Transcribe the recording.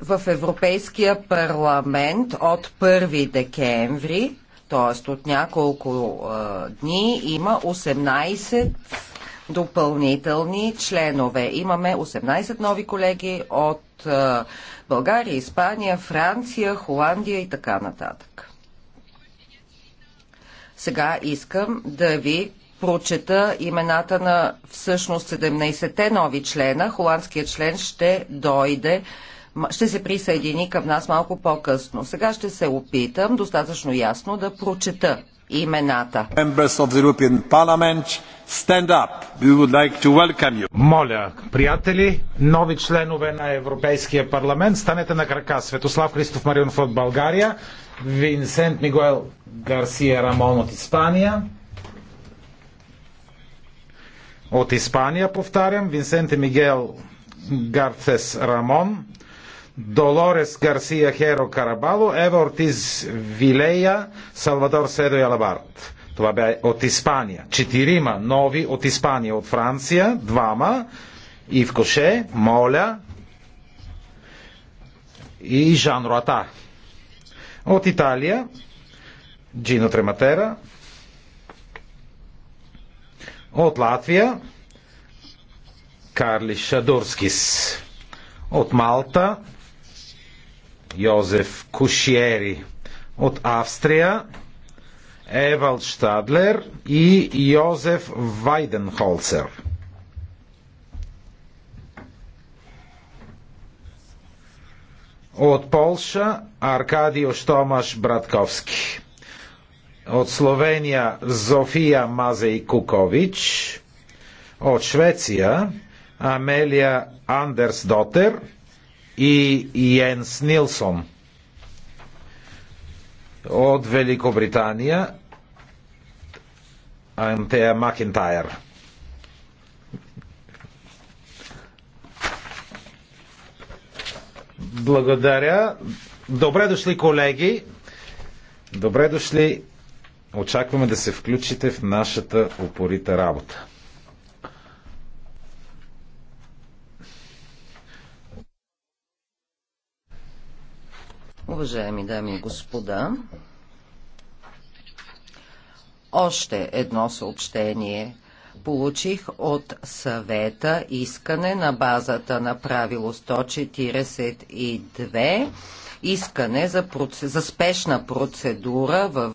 в Европейския парламент от 1 декември, т.е. от няколко дни, има 18 допълнителни членове. Имаме 18 нови колеги от България, Испания, Франция, Холандия и така нататък. Сега искам да ви прочета имената на всъщност 17-те нови члена. Холандският член ще дойде, ще се присъедини към нас малко по-късно. Сега ще се опитам достатъчно ясно да прочета имената. Like Моля, приятели, нови членове на Европейския парламент, станете на крака. Светослав Христов Марионов от България, Винсент Мигуел Гарсия Рамон от Испания, от Испания, повтарям, Винсенте Мигел Гарцес Рамон, Долорес Гарсия Херо Карабало, Ева Ортиз Вилея, Салвадор Седо Ялабарт. Това бе от Испания. Четирима нови от Испания, от Франция, двама, Ив Коше, Моля и Жан Руата. От Италия, Джино Трематера, от Латвия Карли Шадурскис. От Малта Йозеф Кушиери. От Австрия Евалд Штадлер и Йозеф Вайденхолцер. От Полша Аркадио Штомаш Братковски. От Словения Зофия Мазей Кукович. От Швеция Амелия Андерс Дотер и Йенс Нилсон. От Великобритания Антея Макентайр. Благодаря. Добре дошли, колеги. Добре дошли Очакваме да се включите в нашата упорита работа. Уважаеми дами и господа, още едно съобщение получих от съвета искане на базата на правило 142, искане за, проц... за спешна процедура в